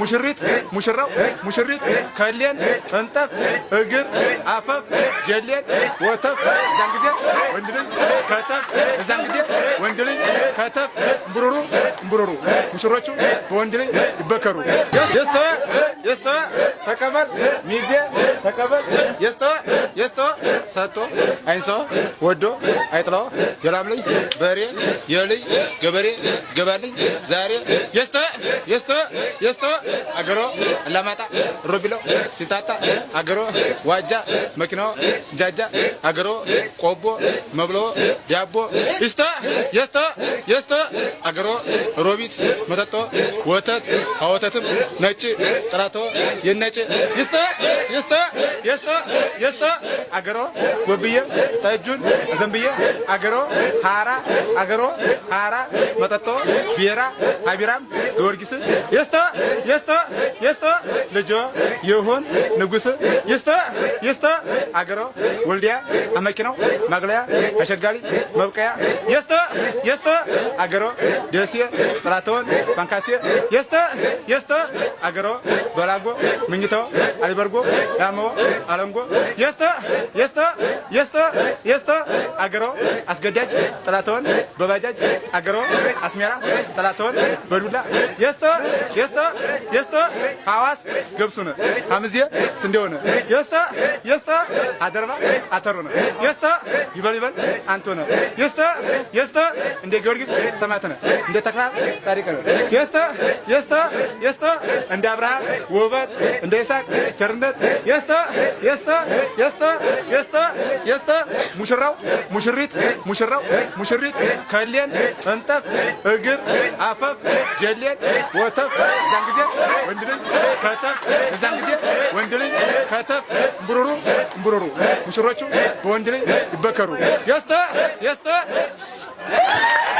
ሙሽሪት፣ ሙሽራው፣ ሙሽሪት፣ ከሌን፣ እንጠፍ፣ እግር፣ አፈፍ፣ ጀሌን፣ ወተፍ እዛን ጊዜ ወንድ ልጅ ከተፍ፣ እዛን ጊዜ ወንድ ልጅ ከተፍ፣ እምብሩሩ፣ እምብሩሩ ሙሽሮቹ በወንድ ልጅ ይበከሩ። የስተወ፣ የስተወ ተቀበል፣ ሚዜ ተቀበል፣ የስተወ ገዝቶ ሰጥቶ አይንሶ ወዶ አይጥላው የላምልኝ በሬ የልይ ገበሬ ገባልኝ ዛሬ የስቶ የስቶ የስቶ አገሮ አላማጣ ሮቢሎ ሲታጣ አገሮ ዋጃ መኪናው ስጃጃ አገሮ ቆቦ መብሎ ዳቦ ይስቶ የስቶ የስቶ አገሮ ሮቢት መጠጦ ወተት አወተትም ነጭ ጥራቶ የነጭ የስቶ የስቶ የስቶ የስቶ አገሮ ወብየ ጠጁን ዘንብዬ አገሮ ሀራ አገሮ ሀራ መጠጦ ቢራ አቢራም ጊዮርጊስ የስተ የስተ የስተ ልጆ ይሁን ንጉስ የስተ የስተ አገሮ ወልዲያ አመኪናው ማግለያ አሸጋሪ መብቀያ የስተ የስተ አገሮ ደሴ ጥላቶን ባንካሴ የስተ የስተ አገሮ ዶላጎ ምኝታው አሊበርጎ ዳሞ አለንጎ የስተ የስተ የስተ የስተ አገሮ አስገዳጅ ጥላቶን በባጃጅ አገሮ አስሜራ ጥላቶን በዱላ የስተ የስተ የስተ ሐዋስ ገብሱነ አምዜ ስንዴሆነ የስተ የስተ አደርባ አተሮነ የስተ ይበል ይበል አንቶነ የስተ የስተ እንደ ጊዮርጊስ ሰማዕትነ እንደ ተክላ ጻድቅነ የስተ የስተ የስተ እንደ አብርሃም ውበት እንደ ይስሐቅ ቸርነት የስተ የስተ የስተ የስተ የስተ ሙሽራው ሙሽሪት ሙሽራው ሙሽሪት ከሌን እንጠፍ እግር አፈፍ ጀሌን ወተፍ እዛን ጊዜ ወንድ ልጅ ከተፍ እዛን ጊዜ ወንድ ልጅ ከተፍ እምብሩሩ እምብሩሩ ሙሽሮቹ በወንድ ልጅ ይበከሩ የስተ የስተ